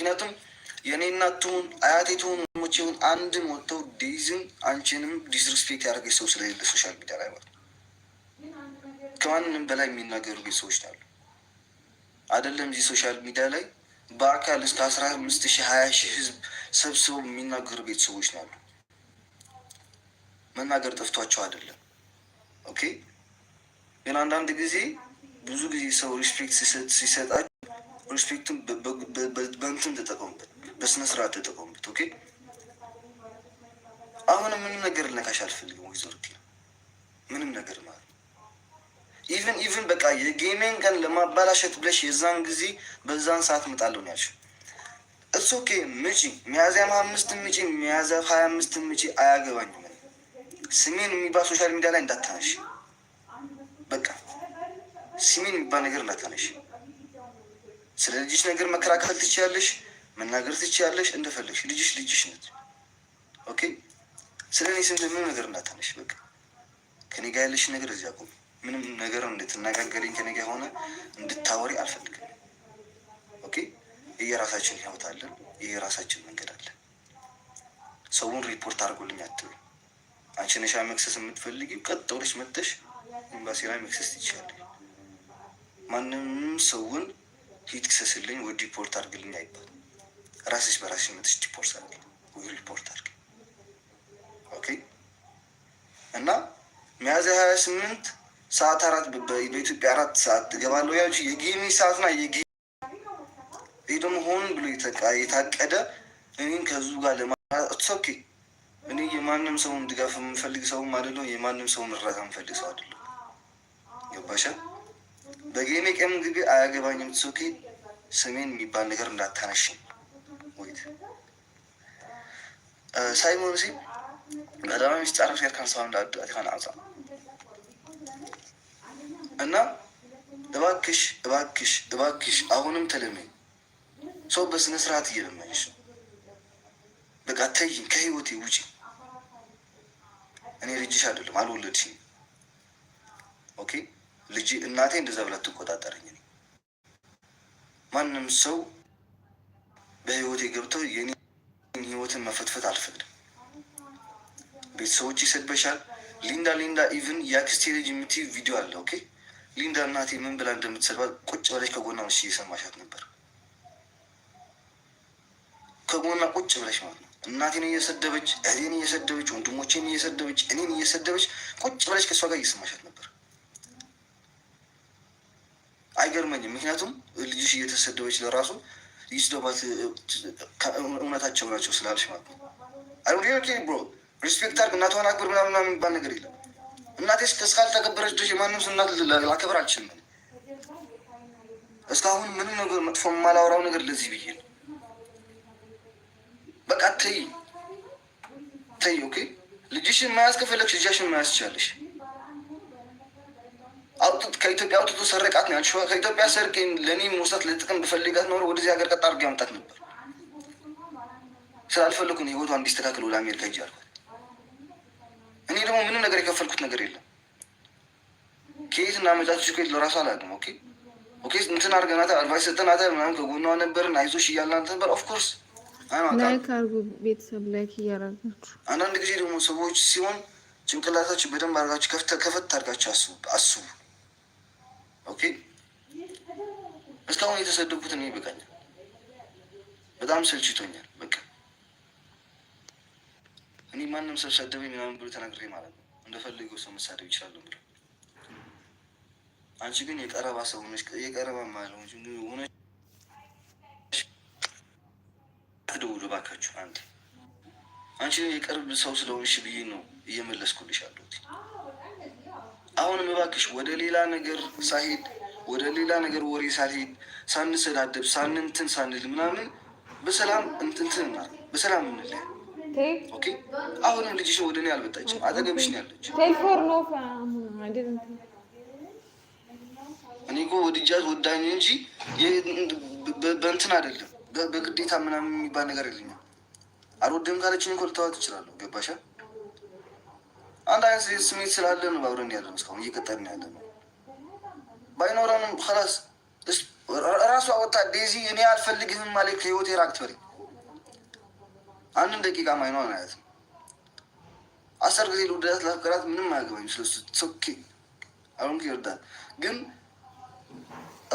ምክንያቱም የእኔ እናት ትሁን አያቴ ትሁን ሞቼ ሁን አንድን ወጥተው ዴይዝን አንቺንም ዲስሪስፔክት ያደረገች ሰው ስለሌለ ሶሻል ሚዲያ ላይ ማለት ከማንም በላይ የሚናገሩ ሰዎች ናሉ። አይደለም እዚህ ሶሻል ሚዲያ ላይ በአካል እስከ አስራ አምስት ሺህ ሀያ ሺህ ህዝብ ሰብስበው የሚናገሩ ቤተሰቦች ናሉ። መናገር ጠፍቷቸው አይደለም። ኦኬ ግን አንዳንድ ጊዜ ብዙ ጊዜ ሰው ሪስፔክት ሲሰጣቸው ሪስፔክትን በእንትን ተጠቀሙበት፣ በስነ ስርዓት ተጠቀሙበት። ኦኬ አሁን ምንም ነገር ልነካሽ አልፈልግም ወይዘ ምንም ነገር ማለት ነው። ኢቨን ኢቨን በቃ የጌሜን ቀን ለማባላሸት ብለሽ የዛን ጊዜ በዛን ሰዓት እመጣለሁ ነው ያልሽው። እሱ ኦኬ ምጪ፣ ሚያዝያ ሀያ አምስት ምጪ፣ ሚያዝያ ሀያ አምስት ምጪ፣ አያገባኝም። ስሜን የሚባል ሶሻል ሚዲያ ላይ እንዳታነሽ፣ በቃ ስሜን የሚባል ነገር እንዳታነሽ። ስለ ልጅሽ ነገር መከራከል ትችያለሽ፣ መናገር ትችያለሽ እንደፈለግሽ። ልጅሽ ልጅሽ ነች። ኦኬ ስለ እኔ ስም ምንም ነገር እንዳታነሽ። በቃ ከኔ ጋ ያለሽ ነገር እዚያ ቁም። ምንም ነገር እንድትነጋገሪኝ ከኔ ጋ ሆነ እንድታወሪ አልፈልግም። ኦኬ የየራሳችን ህይወት አለን፣ የየራሳችን መንገድ አለን። ሰውን ሪፖርት አድርጎልኝ አትሉ። አንቺ ነሻ መክሰስ የምትፈልግ ቀጥ ብለሽ መጥተሽ ኤምባሲ ላይ መክሰስ ትችላለ። ማንም ሰውን ሂድ ክሰስልኝ ወይ ሪፖርት አድርግልኝ አይባል። ራስሽ በራስሽ መጥሽ ሪፖርት አድርግ ወይ ሪፖርት አድርግ። ኦኬ እና ሚያዝያ ሀያ ስምንት ሰዓት አራት በኢትዮጵያ አራት ሰዓት ትገባለሁ ያች የጌሚ ሰዓትና የጌ ይህ ደግሞ ሆን ብሎ የታቀደ እኔን ከዙ ጋር ለማራኦኬ እኔ የማንም ሰውን ድጋፍ የምፈልግ ሰውም አይደለሁ። የማንም ሰውን እርዳታ የምፈልግ ሰው አይደለሁ። ገባሻ በጌሜ ቀን ግቢ አያገባኝም። ትሶኬ ስሜን የሚባል ነገር እንዳታነሽኝ። ወይት ሳይሞን ሲ በጣም ሚስት ሴር ከንሳ ካንሳው እንዳትካን አዛ እና እባክሽ እባክሽ እባክሽ አሁንም ተለመኝ። ሰው በስነ ስርዓት እየለመኝሽ በቃ ተይኝ፣ ከህይወቴ ውጪ። እኔ ልጅሽ አይደለም አልወለድሽኝ። ኦኬ ልጅ እናቴ እንደዛ ብላ ትቆጣጠረኝ። ማንም ሰው በህይወቴ ገብተው የኔ ህይወትን መፈትፈት አልፈቅድም። ቤተሰቦች ይሰድበሻል። ሊንዳ ሊንዳ ኢቭን የአክስቴ ልጅ የምትይ ቪዲዮ አለ። ኦኬ ሊንዳ እናቴ ምን ብላ እንደምትሰድባት ቁጭ ብለሽ ከጎና ምሽ እየሰማሻት ነበር። ከጎና ቁጭ ብለሽ ማለት ነው። እናቴን እየሰደበች እኔን እየሰደበች ወንድሞቼን እየሰደበች እኔን እየሰደበች ቁጭ ብለሽ ከእሷ ጋር እየሰማሻት ነበር። አይገርመኝም። ምክንያቱም ልጅሽ እየተሰደበች ለራሱ ይስደባት እውነታቸው ናቸው ስላልሽ ማለት ነው። ብሮ ሪስፔክት አድርግ እናትዋን አክብር ምናምን ምናምን የሚባል ነገር የለም። እናቴ እስካልተከበረች ድረስ የማንም እናት ላከብር አልችልም። እስካሁን ምንም ነገር መጥፎ የማላወራው ነገር ለዚህ ብዬ ነው። በቃ ተይ ተይ። ኦኬ ልጅሽን መያዝ ከፈለግሽ ልጃሽን መያዝ ይቻለሽ። አውጥት ከኢትዮጵያ አውጥቶ ሰረቃት ነው ያልሽው። ከኢትዮጵያ ሰርቄ ለእኔ መውሰት ለጥቅም ብፈልጋት ኖሮ ወደዚህ ሀገር ቀጥ አድርጌ አምጣት ነበር። ስላልፈለኩ ነው ህይወቷ እንዲስተካከል ወደ አሜሪካ ሂጅ አልኳት። እኔ ደግሞ ምንም ነገር የከፈልኩት ነገር የለም። ከየት እናመጣችሁ ከየት ለራሱ አላውቅም። ኦኬ ኦኬ እንትን አድርገናታል፣ አድቫይስ ሰጠናታል፣ ምናምን ከጎኗ ነበርን፣ አይዞሽ እያልናት ነበር። ኦፍኮርስ አንዳንድ ጊዜ ደግሞ ሰዎች ሲሆን ጭንቅላታችሁ በደንብ አድርጋችሁ ከፍት አድርጋችሁ አስቡ አስቡ ኦኬ። እስካሁን የተሰደብኩት እኔ ይበቃኛል። በጣም ሰልችቶኛል። በቃ እኔ ማንም ሰው ሰደበኝ ምናምን ብሎ ተናግሬ ማለት ነው እንደፈለገው ሰው መሳደብ ይችላሉ ብሎ አንቺ ግን የቀረባ ሰው ነች። የቀረባ ማለው ሆነሽ ደውሉ ባካችሁ አንድ አንቺ የቅርብ ሰው ስለሆንሽ ብዬ ነው እየመለስኩልሽ አለሁት። አሁን እባክሽ ወደ ሌላ ነገር ሳሄድ ወደ ሌላ ነገር ወሬ ሳልሄድ ሳንሰዳደብ ሳንንትን ሳንል ምናምን በሰላም እንትንትን ማለት በሰላም እንለያ። አሁንም ልጅሽን ወደ እኔ አልመጣችም፣ አጠገብሽ ነው ያለችው። እኔ እኮ ወድጃት ወዳኝ እንጂ በእንትን አይደለም፣ በግዴታ ምናምን የሚባል ነገር የለኝም። አልወደም ካለችኝ እኮ ልተዋት እችላለሁ። አንድ አይነት ስሜት ስላለ ነው አብረን ያለ እስካሁን እየቀጠልን ያለ ነው። ባይኖረንም ላስ ራሷ ወጣ ዴዚ እኔ አልፈልግህም ማለት ከህይወቴ ራቅ ትበለኝ። አንድን ደቂቃ ማይኖር ማለት ነው። አስር ጊዜ ልውደዳት ላፍቀራት ምንም አያገባኝ ስለሱ ሶኬ አሁን ይወርዳል። ግን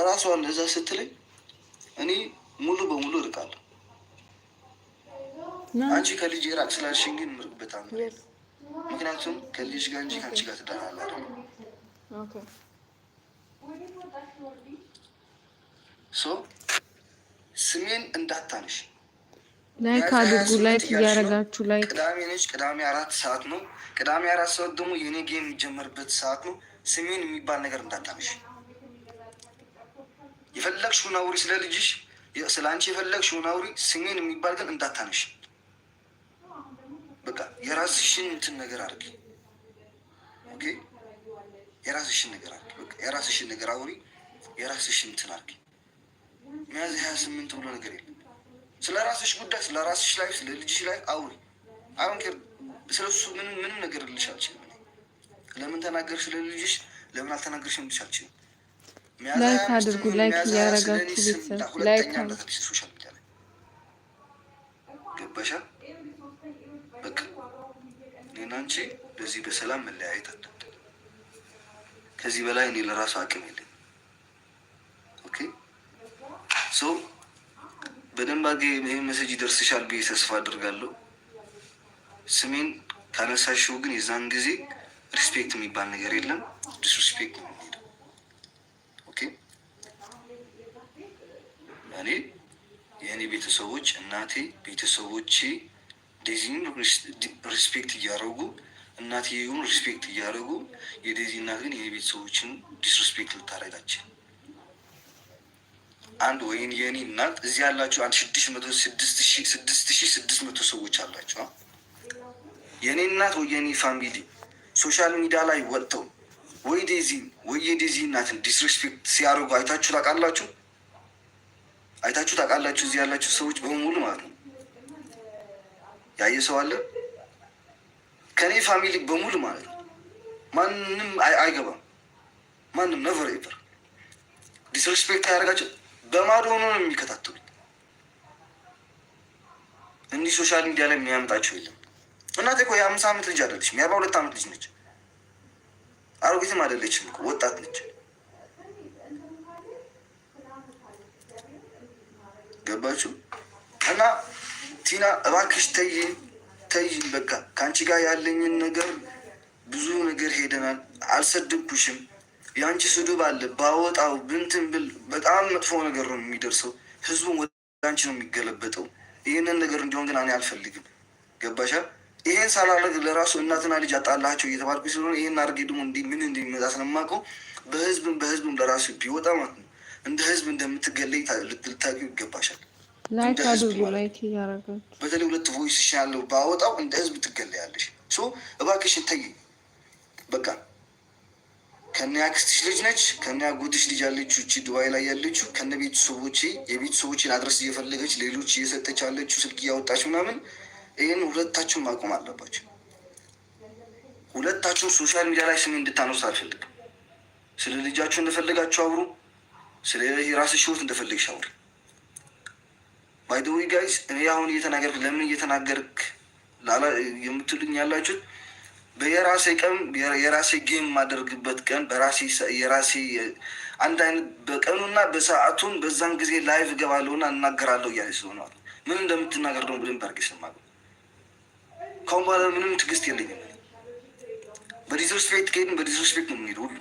ራሷ እንደዛ ስትለኝ እኔ ሙሉ በሙሉ እርቃለሁ። አንቺ ከልጅ ራቅ ስላልሽኝ ግን ምርቅ በጣም ምክንያቱም ከልጅ ጋር እንጂ ከአንቺ ጋር ትዳራለ አለ ሶ ስሜን እንዳታነሽ። ላይክ አድርጉ። ላይክ እያረጋችሁ ላይክ። ቅዳሜ ነች። ቅዳሜ አራት ሰዓት ነው። ቅዳሜ አራት ሰዓት ደግሞ የእኔ ጌም የሚጀመርበት ሰዓት ነው። ስሜን የሚባል ነገር እንዳታነሽ። የፈለግሽውን አውሪ ስለ ልጅሽ፣ ስለ አንቺ የፈለግሽውን አውሪ። ስሜን የሚባል ግን እንዳታነሽ። በቃ የራስሽን እንትን ነገር አድርጊ። ኦኬ የራስሽን ነገር አድርጊ። በቃ የራስሽን ነገር አውሪ። የራስሽን እንትን አድርጊ። ሚያዝያ ሀያ ስምንት ብሎ ነገር የለም። ስለ ራስሽ ጉዳይ፣ ስለ ራስሽ ላይ፣ ስለ ልጅሽ ላይ አውሪ። አሁን ስለ እሱ ምንም ምንም ነገር ልልሽ አልችልም። ለምን ተናገርሽ? ስለ ልጅሽ ለምን አልተናገርሽም? ልልሽ አልችልም። ላይክ አድርጉ። ላይክ እያረጋችሁ ቤተሰብ ላይክ አድርጉ። ሶሻል ሚዲያ ላይ ገባሻል በቃ እኔና አንቺ በዚህ በሰላም መለያየት አለብን። ከዚህ በላይ እኔ ለራሱ አቅም የለኝም። ኦኬ ሶ በደንብ አድርጌ ይህ መሰጅ ይደርስሻል ብዬ ተስፋ አድርጋለሁ። ስሜን ካነሳሽው ግን የዛን ጊዜ ሪስፔክት የሚባል ነገር የለም። ዲስሪስፔክት ነው የሚሄደው። ኦኬ እኔ የእኔ ቤተሰቦች እናቴ ቤተሰቦቼ ዴዚን ሪስፔክት እያደረጉ እናትየውን ሪስፔክት እያደረጉ የዴዚ እናት ግን የኔ ቤተሰቦችን ዲስሪስፔክት ልታደረጋችን አንድ ወይን የኔ እናት እዚህ ያላችሁ አንድ ስድስት መቶ ስድስት ሺ ስድስት ሺ ስድስት መቶ ሰዎች አላችሁ። የእኔ እናት ወይ የኔ ፋሚሊ ሶሻል ሚዲያ ላይ ወጥተው ወይ ዴዚ ወይ የዴዚ እናትን ዲስሪስፔክት ሲያደርጉ አይታችሁ ታውቃላችሁ? አይታችሁ ታውቃላችሁ? እዚህ ያላችሁ ሰዎች በሙሉ ማለት ነው። ያየ ሰው አለ ከኔ ፋሚሊ በሙሉ ማለት ነው። ማንም አይገባም። ማንም ነቨር ኤቨር ዲስሪስፔክት አያደርጋቸው። በማዶ ሆኖ ነው የሚከታተሉት። እንዲህ ሶሻል ሚዲያ ላይ የሚያመጣቸው የለም። እናቴ እኮ የአምስት ዓመት ልጅ አይደለችም፣ የአርባ ሁለት ዓመት ልጅ ነች። አሮጊትም አይደለችም፣ ወጣት ነች። ገባችሁ እና ቲና እባክሽ ተይ ተይኝ፣ በቃ ከአንቺ ጋር ያለኝን ነገር ብዙ ነገር ሄደናል። አልሰደብኩሽም። የአንቺ ስድብ አለ ባወጣው ብንትን ብል በጣም መጥፎ ነገር ነው የሚደርሰው። ህዝቡን ወደ አንቺ ነው የሚገለበጠው። ይህንን ነገር እንዲሆን ግን እኔ አልፈልግም። ገባሻ? ይሄን ሳላረግ ለራሱ እናትና ልጅ አጣላቸው እየተባልኩ ስለሆነ ይሄን አድርጌ ደግሞ ምን እንደሚመጣ ስለማውቀው በህዝብም በህዝብም ለራሱ ቢወጣ ማለት ነው እንደ ህዝብ እንደምትገለይ ልታውቂው ይገባሻል። ላይክ አድርጉ። ላይክ እያደረጋችሁ በተለይ ሁለት ቮይስ ያለው ባወጣው እንደ ህዝብ ትገለያለሽ። ሶ እባክሽን ተይ በቃ ከነ ያክስትሽ ልጅ ነች፣ ከነ ያጎትሽ ልጅ ያለችው እቺ ድባይ ላይ ያለችው ከነ ቤተሰቦቼ የቤተሰቦችን አድረስ እየፈለገች ሌሎች እየሰጠች ያለችው ስልክ እያወጣች ምናምን፣ ይህን ሁለታችሁም ማቆም አለባቸው። ሁለታችሁም ሶሻል ሚዲያ ላይ ስሜ እንድታነሱ አልፈልግም። ስለ ልጃችሁ እንደፈለጋችሁ አውሩ፣ ስለ ራስሽ ህይወት እንደፈለግሽ አውሪ። ባይደዊ ጋይስ እኔ አሁን እየተናገርክ ለምን እየተናገርክ የምትሉኝ ያላችሁት በየራሴ ቀን የራሴ ጌም የማደርግበት ቀን በራሴ የራሴ አንድ አይነት በቀኑና በሰዓቱን በዛን ጊዜ ላይቭ እገባለሁና እናገራለሁ እያለ ስለሆነዋል። ምን እንደምትናገር ደግሞ ብለን በርጌ ስለማገ ካሁን በኋላ ምንም ትግስት የለኝም። በዲስሪስፔክት ከሄድን በዲስሪስፔክት ነው የምንሄድ። ሁሉ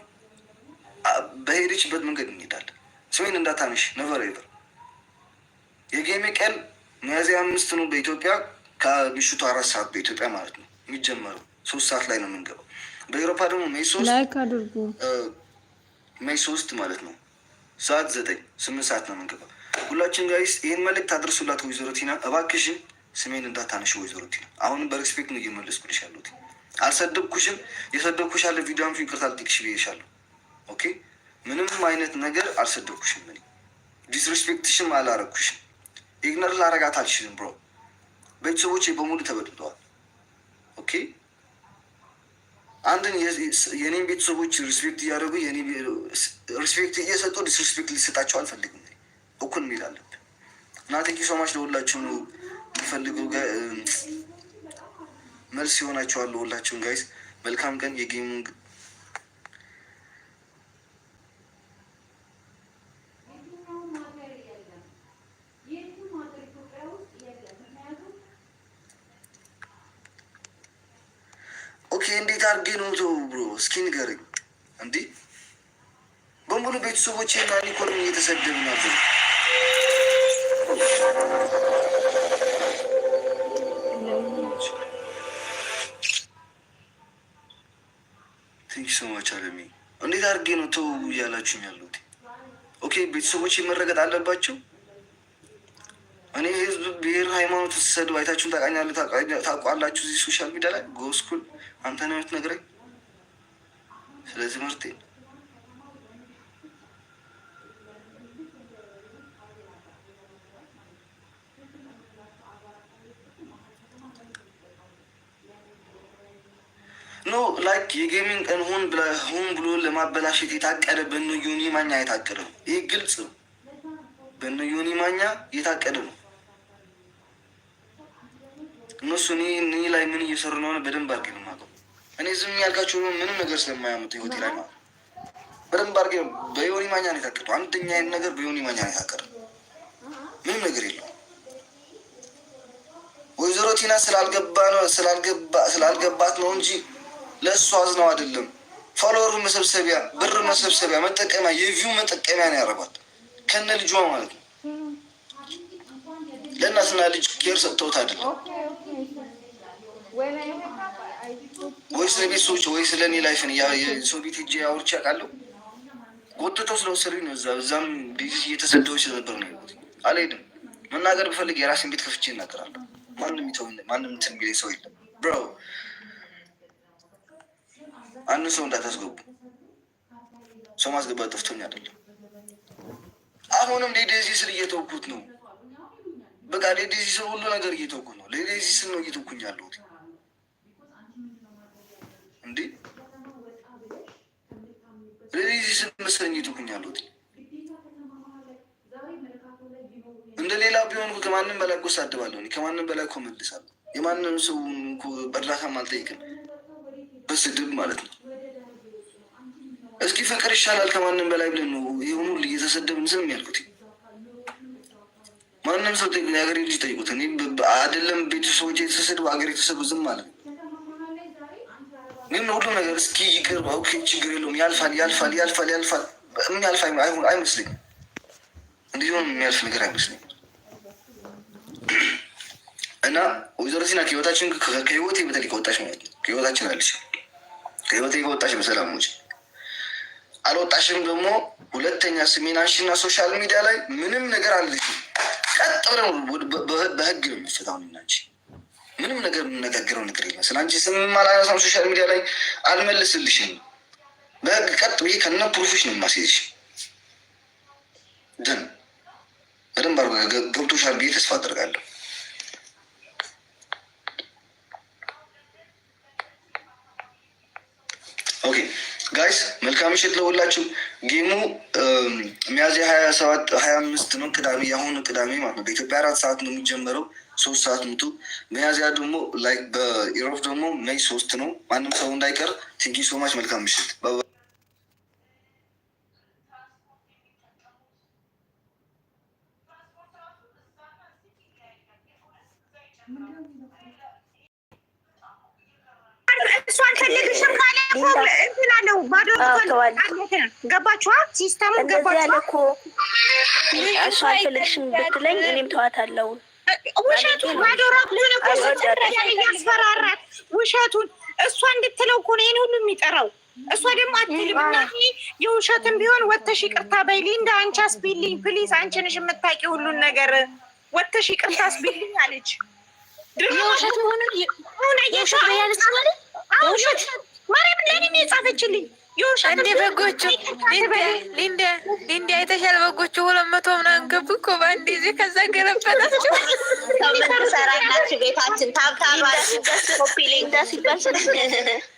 በሄደችበት መንገድ እንሄዳለን። ስሜን እንዳታነሽ ነቨር ኤቨር የጌሜ ቀን ሚያዝያ አምስት ነው በኢትዮጵያ ከምሽቱ አራት ሰዓት በኢትዮጵያ ማለት ነው የሚጀመረው። ሶስት ሰዓት ላይ ነው የምንገባው። በኤሮፓ ደግሞ ሜይ ሶስት ሜይ ሶስት ማለት ነው ሰዓት ዘጠኝ ስምንት ሰዓት ነው የምንገባው። ሁላችን ጋይስ ይህን መልእክት አድርሱላት ወይዘሮ ቲና እባክሽን ስሜን እንዳታነሽ ወይዘሮ ቲና። አሁንም በሬስፔክት ነው እየመለስኩልሽ ያለሁት። አልሰደብኩሽም። የሰደብኩሽ ያለ ቪዲዮ አንፊ ይቅርታ ልጠይቅሽ ብዬሻለሁ። ኦኬ ምንም አይነት ነገር አልሰደብኩሽም። ዲስሬስፔክትሽም አላረግኩሽም። ኢግኖር ላረጋት አልችልም ብሮ። ቤተሰቦች በሙሉ ተበድለዋል። ኦኬ አንድን የኔን ቤተሰቦች ሪስፔክት እያደረጉ ሪስፔክት እየሰጡ ዲስሪስፔክት ሊሰጣቸው አልፈልግም። እኩል ሚል አለብ እና ቴንኪ ሶማች ለሁላችሁ ነው የሚፈልጉ መልስ ይሆናችኋል። ለሁላችሁም ጋይስ መልካም ቀን የጌሚንግ ኦኬ እንዴት አድርጌ ነው ተው ብሎ እስኪ ንገረኝ። እንዲ በሙሉ ቤተሰቦቼ እና ኒኮልም እየተሰደቡ ነበር። ቴንክ ሰማች አለሚ እንዴት አድርጌ ነው ተው እያላችሁኝ ያሉት? ኦኬ ቤተሰቦቼ መረገጥ አለባቸው እኔ ህዝብ ብሔር ሃይማኖት ስሰድብ አይታችሁን ታውቃኛለህ፣ ታውቋላችሁ። እዚህ ሶሻል ሚዲያ ላይ ጎስኩል አንተ ነው የምትነግረኝ ስለ ትምህርቴ። ኖ ላይክ የጌሚንግ ቀን ሆን ብሎ ለማበላሸት የታቀደ በነ ዮኒ ማኛ የታቀደ ነው። ይህ ግልጽ ነው። በነ ዮኒ ማኛ የታቀደ ነው። እነሱ እኔ ላይ ምን እየሰሩ እንደሆነ በደንብ አድርጌ ነው የማውቀው። እኔ ዝም ያልካቸው ምንም ነገር ስለማያመጡ ህይወቴ ላይ ማለት በደንብ አድርጌ ነው። በዮኒ ማኛ ነው የታቀጡ። አንደኛ ነገር በዮኒ ማኛ ነው የታቀደ። ምንም ነገር የለው። ወይዘሮ ቲና ስላልገባ ነው ስላልገባት ነው እንጂ ለእሱ አዝነው አይደለም። ፎሎወር መሰብሰቢያ፣ ብር መሰብሰቢያ፣ መጠቀሚያ፣ የቪው መጠቀሚያ ነው ያረባት ከነ ልጇ ማለት ነው። ለእናትና ልጅ ኬር ሰጥተውት አይደለም ወይስ ለቤት ሰዎች ወይስ ለእኔ ላይፍን ሰው ቤት እጅ አውርቼ አውቃለሁ። ጎትተው ስለወሰዱኝ ነው። እዛም ቤት እየተሰደው ስለነበር ነው ይወት አልሄድም። መናገር ብፈልግ የራሴን ቤት ከፍቼ እናገራለሁ። ማንም ይተው፣ ማንም እንትን የሚለኝ ሰው የለም። ብሮ አንድ ሰው እንዳታስገቡ። ሰው ማስገባት ጠፍቶኝ አይደለም። አሁንም ሌዴዚ ስል እየተውኩት ነው። በቃ ሌዴዚ ስል ሁሉ ነገር እየተውኩት ነው። ሌዴዚ ስል ነው እየተውኩኝ ያለሁት እንዴ ለዚህ ስመሰኝ እንደ ሌላ ቢሆን ከማንም በላይ እኮ ሳድባለሁ፣ ከማንም በላይ እኮ መልሳለሁ። የማንም ሰው በእርዳታም አልጠይቅም፣ በስድብ ማለት ነው። እስኪ ፍቅር ይሻላል ከማንም በላይ ብለን ነው ይሁኑ እየተሰደብን ዝም ያልኩት። ማንም ሰው የሀገሬ ልጅ ጠይቁት። እኔ አይደለም ቤተሰቦች የተሰደቡ ሀገር የተሰዱ ዝም ማለት ነው። ግን ሁሉ ነገር እስኪ ይቅር ኦኬ፣ ችግር የለውም ያልፋል፣ ያልፋል፣ ያልፋል፣ ያልፋል። የሚያልፍ አይመስለኝም፣ እንዲሁም የሚያልፍ ነገር አይመስለኝም። እና ወይዘሮ ቲና ከህይወታችን ከህይወቴ በተለይ ከወጣች ነው ከህይወታችን አለች ከህይወቴ ከወጣች በሰላም ውጭ አልወጣሽም። ደግሞ ሁለተኛ ስሜን አንሺና ሶሻል ሚዲያ ላይ ምንም ነገር አለች። ቀጥ ብለ በህግ ነው የሚፈታው ናንቺ ምንም ነገር የምነጋገረው ነገር የለም። ስለ አንቺ ስም አላነሳም፣ ሶሻል ሚዲያ ላይ አልመልስልሽም። በህግ ቀጥ ብዬ ከነ ፕሩፎች ነው ደን በደንብ አድርጎ ገብቶሻል ብዬ ተስፋ አደርጋለሁ። ኦኬ ጋይስ መልካም ምሽት ለሁላችሁ። ጌሙ ሚያዝያ ሀያ ሰባት ሀያ አምስት ነው ቅዳሜ፣ የአሁኑ ቅዳሜ ማለት ነው። በኢትዮጵያ አራት ሰዓት ነው የሚጀመረው። ሶስት ሰዓት ምቱ። ሚያዝያ ደግሞ በኢሮፕ ደግሞ ሜይ ሶስት ነው። ማንም ሰው እንዳይቀር። ቲንኪ ሶማች። መልካም ምሽት። ገባችኋ? ሲስተሙ ገባችኋ? እሷ አልፈልግሽም ብትለኝ እኔም ተዋት አለው ውሸቱን ማዶራት ለሆነ ኮስጥረዳ እያስፈራራት ውሸቱን እሷ እንድትለው እኮ ነው ይሄን ሁሉ የሚጠራው። እሷ ደግሞ አትልም። የውሸትን ቢሆን ወተሽ ይቅርታ በይ እንደ አንቺ አስቢልኝ ፕሊዝ፣ አንቺ ነሽ የምታውቂ ሁሉን ነገር ወተሽ ይቅርታ አስቢልኝ አለች። ድሮውሸት ሆነ የውሸት ማርያም ለኔ የጻፈችልኝ እንደ በጎቹ ሊንዳ የተሻለ በጎቹ ሁለት መቶ ምናምን ገቡ እኮ በአንድ ጊዜ። ከዛ ገለበጣቸው ሰራናችሁ ቤታችን ታብታባ ደስ ኮፒ ሊንክ ደስ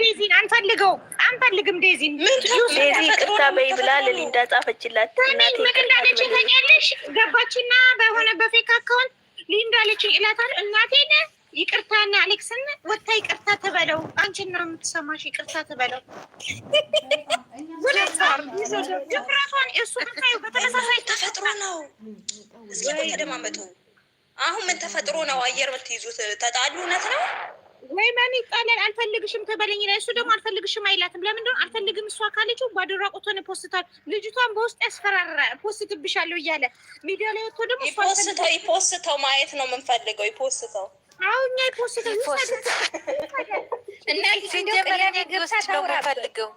ዴዚን አንፈልግም። ዴዚን ዴዚ ቅርታ በይ ብላ ለሊንዳ ጻፈችላት። እንዳለች ተኛለሽ ገባችና በሆነ በፌክ አካውንት ሊንዳ አለች ይላታል። እናቴን ይቅርታና አሌክስን ወታ ይቅርታ ተበለው አንቺን ነው የምትሰማሽ። ይቅርታ ተበለው ድፍረቷን እሱ ተፈጥሮ ነው። እስኪ ተደማመጡ አሁን ምን ተፈጥሮ ነው አየር የምትይዙት? ተጣሉ እውነት ነው ወይ? ማን ይጣላል? አልፈልግሽም ትበለኝ ላይ እሱ ደግሞ አልፈልግሽም አይላትም። ለምን እንደሆነ አልፈልግም እሷ ካለችው ባዶ ቁቶን ፖስታል። ልጅቷን በውስጥ ያስፈራራ ፖስትብሻለሁ እያለ ሚዲያ ላይ ወጥቶ ደግሞ ፖስተው ይፖስተው ማየት ነው የምንፈልገው። ይፖስተው አሁን እኛ ይፖስተው እና ሲጀመሪያ እንዲወስድ ነው የምንፈልገው።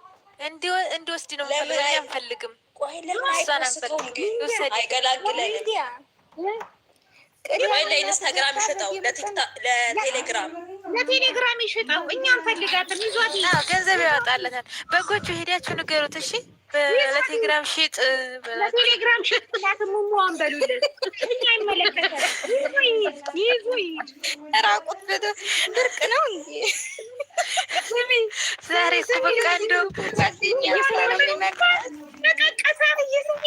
አንፈልግም ቆይ ለምን አይገላግለንም ወይ ለኢንስታግራም ይሸጠው፣ ለቴሌግራም ለቴሌግራም ይሸጠው። እኛ እንፈልጋለን፣ ይዟት ገንዘብ ያወጣለታል። በጎቹ ሄዳችሁ ንገሩት እሺ። ለቴሌግራም ሽጥ ለቴሌግራም ሽጥ ብላት ሙሙዋን በሉልን። እኛ ይመለከታል። ይዙ ይሂድ። ራቁት ድርቅ ነው እንጂ ዛሬ ኩበቃንዶ በቃ እንደው ቀቀሳት እየስሚ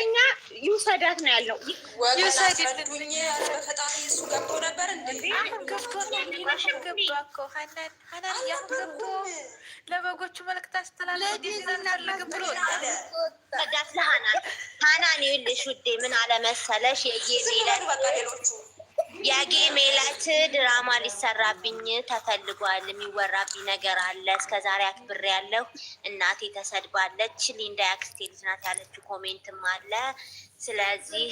እኛ ይውሰዳት ነው ያለው። ለበጎቹ መልክት አስተላለዳት ለሀናን ሀናን ይኸውልሽ ውዴ ምን አለመሰለሽ የጌ ሌሎቹ ያጌ ሜላት ድራማ ሊሰራብኝ ተፈልጓል። የሚወራብኝ ነገር አለ። እስከ ዛሬ አክብሬ ያለሁ እናቴ ተሰድባለች። ሊንዳ ያክስቴ ልጅ ናት ያለችው ኮሜንትም አለ። ስለዚህ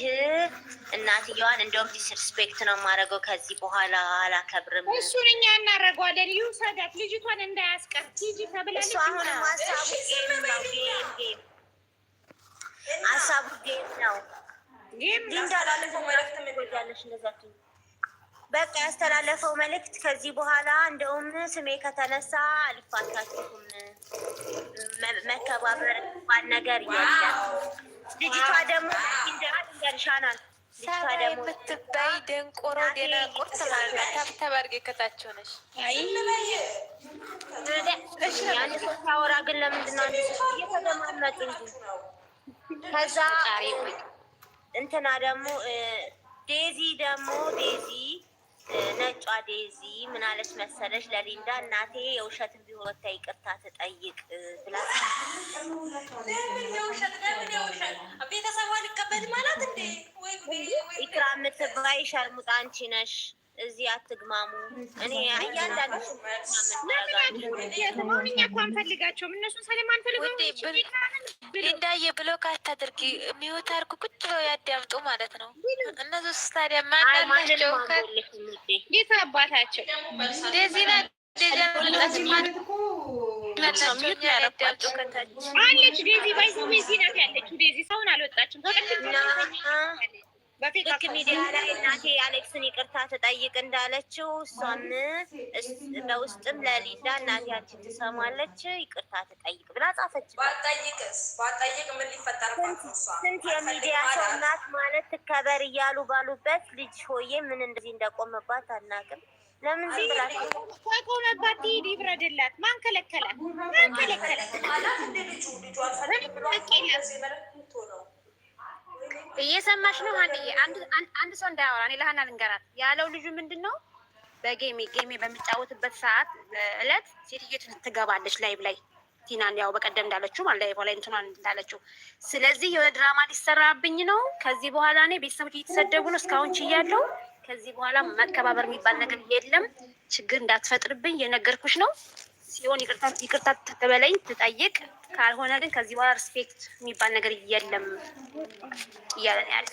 እናትየዋን እንደውም ዲስሪስፔክት ነው የማደርገው። ከዚህ በኋላ አላከብርም። እሱን እኛ እናደርገዋለን። ይውሰዳት ልጅቷን እንዳያስቀር ሂጂ ተብላለች። ሀሳቡ ጌም ነው። ጌም ጌም ሀሳቡ ጌም ነው። ሊንዳ ላለፈው በቃ ያስተላለፈው መልእክት ከዚህ በኋላ እንደውም ስሜ ከተነሳ አልፋታችሁም፣ መከባበር ባል ነገር የለም። ልጅቷ ደግሞ ንደርሻናል ብትባይ ደንቆሮ ደናቁር ትላለህ። ተባርጌ ከታች ሆነሽ አንድ ግን ለምንድን ነው እየተገማመጡ እንጂ ከዛ እንትና ደግሞ ዴዚ ደግሞ ዴዚ ነጯ ዴዚ ምን አለች መሰለች ለሊንዳ እናቴ የውሸትን ቢሆን ወታ ይቅርታ ትጠይቅ ብላ ቤተሰቧ ልቀበል ማለት እንዴ ይቅራ የምትባይ ሸርሙጣ አንቺ ነሽ። እዚህ አትግማሙ። እኔ እያንዳንዱ እንዳየ ብሎ ካታደርጊ ሚወት አድርጉ ቁጭ ብለው ያዳምጡ ማለት ነው። እነሱ ስታዲያ ማናቸው ቤት አባታቸው እንደዚህ ና አለች ዴዚ ባይዘ ዚ ናት ያለችው ዴዚ ሰውን አልወጣችም። ልክ ሚዲያ ላይ እናቴ አሌክስን ይቅርታ ትጠይቅ እንዳለችው እሷም በውስጥም ለሊዳ እናቴ አንቺ ትሰማለች ይቅርታ ትጠይቅ ብላ ጻፈች። ስንት የሚዲያ ሰው እናት ማለት ትከበር እያሉ ባሉበት ልጅ ሆዬ ምን እንደዚህ እንደቆመባት አናውቅም። ለምን ቆመባት? ሂድ ይፍረድላት። ማን ከለከላት? ማን ከለከላት? እየሰማሽ ነው ሀንዬ? አንድ ሰው እንዳያወራ እኔ ለሀና ልንገራት ያለው ልጁ ምንድን ነው በጌሜ ጌሜ በሚጫወትበት ሰዓት እለት ሴትዮት ትገባለች ላይቭ ላይ ቲናን ያው በቀደም እንዳለችው ማለት ላይ ላይ እንትኗን እንዳለችው። ስለዚህ የሆነ ድራማ ሊሰራብኝ ነው። ከዚህ በኋላ እኔ ቤተሰቦች እየተሰደቡ ነው እስካሁን ችያለሁ። ከዚህ በኋላ መከባበር የሚባል ነገር የለም። ችግር እንዳትፈጥርብኝ የነገርኩሽ ነው። ሲሆን ይቅርታ ትበለኝ ትጠይቅ፣ ካልሆነ ግን ከዚህ በኋላ ሪስፔክት የሚባል ነገር የለም እያለ ያለ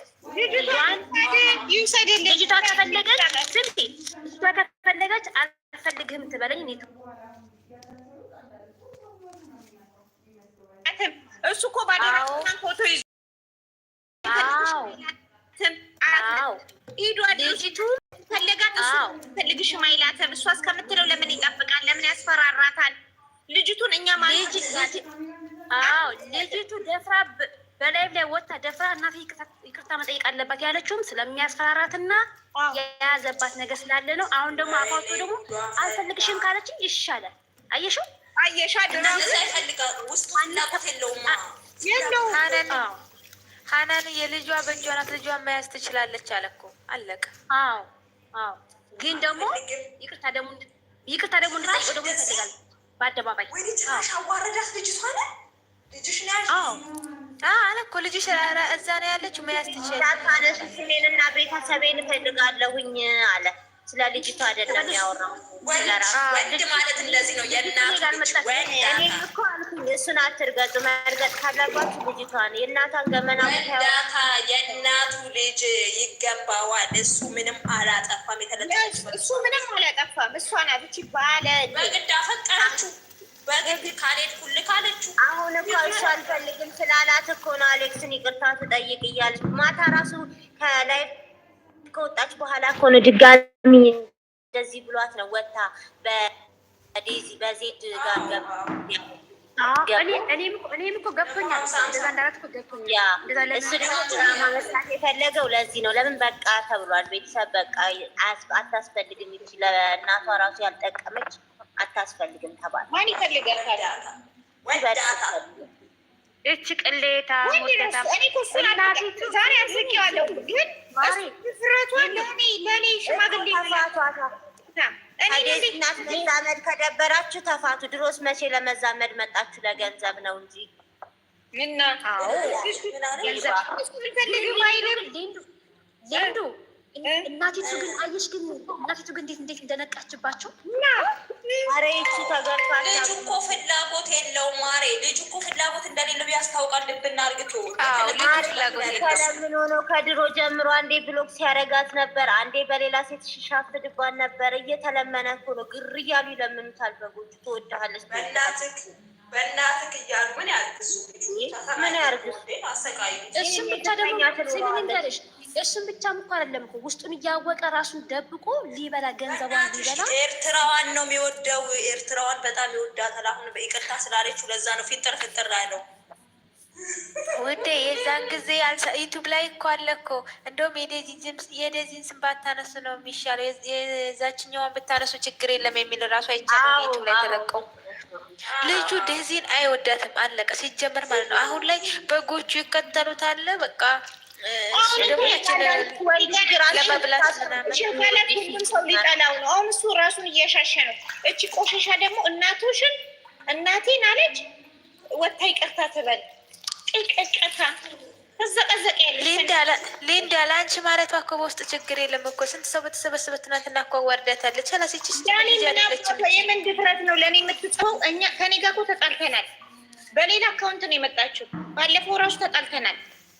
ልጅቷ ከፈለገች ስንቴ ልጅቷ ከፈለገች አልፈልግህም ትበለኝ ኔ እሱ እኮ ባደረግ ፎቶ ይዞ ፈለጋት እሱ ፈልግሽም አይላትም። እሷ እስከምትለው ለምን ይጠብቃል? ለምን ያስፈራራታል? ልጅቱን እኛ ማለት ልጅቱ ደፍራ በላይ ላይ ወጥታ ደፍራ እናት ይቅርታ መጠየቅ አለባት ያለችውም ስለሚያስፈራራትና የያዘባት ነገር ስላለ ነው። አሁን ደግሞ አፋቶ ደግሞ አልፈልግሽም ካለችኝ ይሻላል። አየሽው አየሻ ዶና ሳይፈልጋ ውስጡ ፍላጎት የለውም ሀናን የልጇ በእጇ ናት፣ ልጇ መያዝ ትችላለች አለ እኮ አለቀ። አዎ አዎ። ግን ደግሞ ይቅርታ ደግሞ ይቅርታ ደግሞ እንድጠይቁ ደግሞ ይፈልጋል በአደባባይ አለ እኮ ልጅሽ እዛ ነው ያለችው፣ መያዝ ትችላለች። ስሜንና ቤተሰቤን እፈልጋለሁኝ አለ ስለ ልጅቷ አይደለም ያወራው። ወንድ ማለት እንደዚህ ነው። እሱን አትርገጡ። መርገጥ ካለባችሁ ልጅቷን የእናቷን ገመና የእናቱ ልጅ ይገባዋል። እሱ ምንም አላጠፋም። እሱ ምንም አላጠፋም። እሷ ናት እቺ ባለ በግድ አፈቀራችሁ በግድ ካሌድ ኩል ካለችው አሁን እኮ እሱ አልፈልግም ስላላት እኮ ነው አሌክስን ይቅርታ ትጠይቅ እያለች ማታ ራሱ ከላይ ከወጣች በኋላ እኮ ድጋሚ እንደዚህ ብሏት ነው ወታ በዴዚ በዜድ ጋር እኔም የፈለገው ለዚህ ነው። ለምን በቃ ተብሏል። ቤተሰብ በቃ አታስፈልግም፣ ይቺ ለእናቷ ራሱ ያልጠቀመች አታስፈልግም ተባለ። ማን ይፈልጋታል? እች ቅሌታ እናቱ ዛሬ አስቄዋለሁ ግን እናት መዛመድ ከደበራችሁ ተፋቱ። ድሮስ መቼ ለመዛመድ መጣችሁ? ለገንዘብ ነው እንጂ እናቲቱ ግን አየሽ ግን እናቲቱ ግን እንዴት እንደነቃችባቸው ማሬ እሱ ልጅ እኮ ፍላጎት የለውም። ማሬ ልጅ እኮ ፍላጎት እንደሌለው ያስታውቃል። ልብና እርግቶ ለምን ሆኖ ከድሮ ጀምሮ አንዴ ብሎክ ሲያደርጋት ነበር፣ አንዴ በሌላ ሴት ሽሻፍ ድባን ነበር። እየተለመነ እኮ ነው። ግር እያሉ ይለምኑታል በጎቹ። ትወድሃለች በእናትህ በእናትህ እያሉ ምን ያርግሱ ምን ያርግሱ እሱ ብቻ ደግሞ እሱም ብቻ እኮ አይደለም እኮ ውስጡን እያወቀ ራሱን ደብቆ ሊበላ ገንዘቧን ሊበላ። ኤርትራዋን ነው የሚወደው። ኤርትራዋን በጣም ይወዳታል። አሁን በይቅርታ ስላለችው ለዛ ነው ፊጥር ፍጥር ያለው። ወደ የዛን ጊዜ ዩቱብ ላይ እኮ አለ እኮ እንደውም የዴዚን ስም ባታነሱ ነው የሚሻለው፣ የዛችኛዋን ብታነሱ ችግር የለም የሚል ራሱ አይቻልም። ዩቱብ ላይ ተለቀው ልጁ ዴዚን አይወዳትም። አለቀ ሲጀመር ማለት ነው። አሁን ላይ በጎቹ ይከተሉታል በቃ ሁሉም አሁን እሱ ራሱን እያሻሸ ነው። እቺ ቆሻሻ ደግሞ እናቶሽን እናቴን አለች ወታ ይቅርታ ትበል ሊንዳ ለአንቺ እኮ በውስጥ ችግር የለም እኮ ስንት ሰው በተሰበሰበ ትናንትና እኮ ወርዳታለች። ላሴች የምን ድፍረት ነው ለእኔ የምትጽፈው? እኛ ከኔ ጋር እኮ ተጣልተናል። በሌላ አካውንት ነው የመጣችው። ባለፈው ራሱ ተጣልተናል።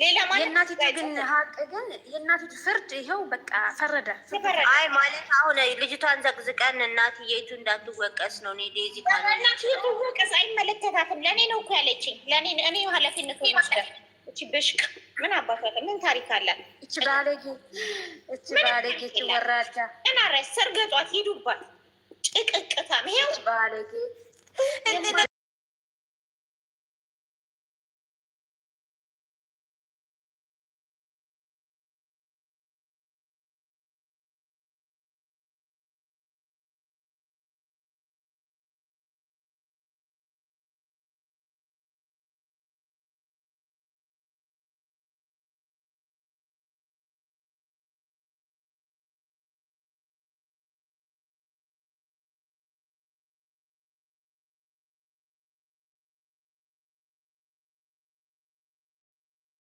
ሌላ ማለት የእናቲቱ ግን ሀቅ ግን የእናቲቱ ፍርድ ይኸው በቃ ፈረደ። አይ ማለት አሁን ልጅቷን ዘቅዝቀን እናትዬቱ እንዳትወቀስ ነው። እኔ ዴዚ እናትዬቱ ወቀስ አይመለከታትም። ለእኔ ነው እኮ ያለችኝ። ለእኔ እኔ ኃላፊነት እቺ በሽቅ ምን አባቷት ምን ታሪክ አላት? እቺ ባለጌ እቺ ባለጌ እቺ ወራዳ እናራሽ ሰርገጧት ሂዱባት ጭቅቅታም ይኸው ባለጌ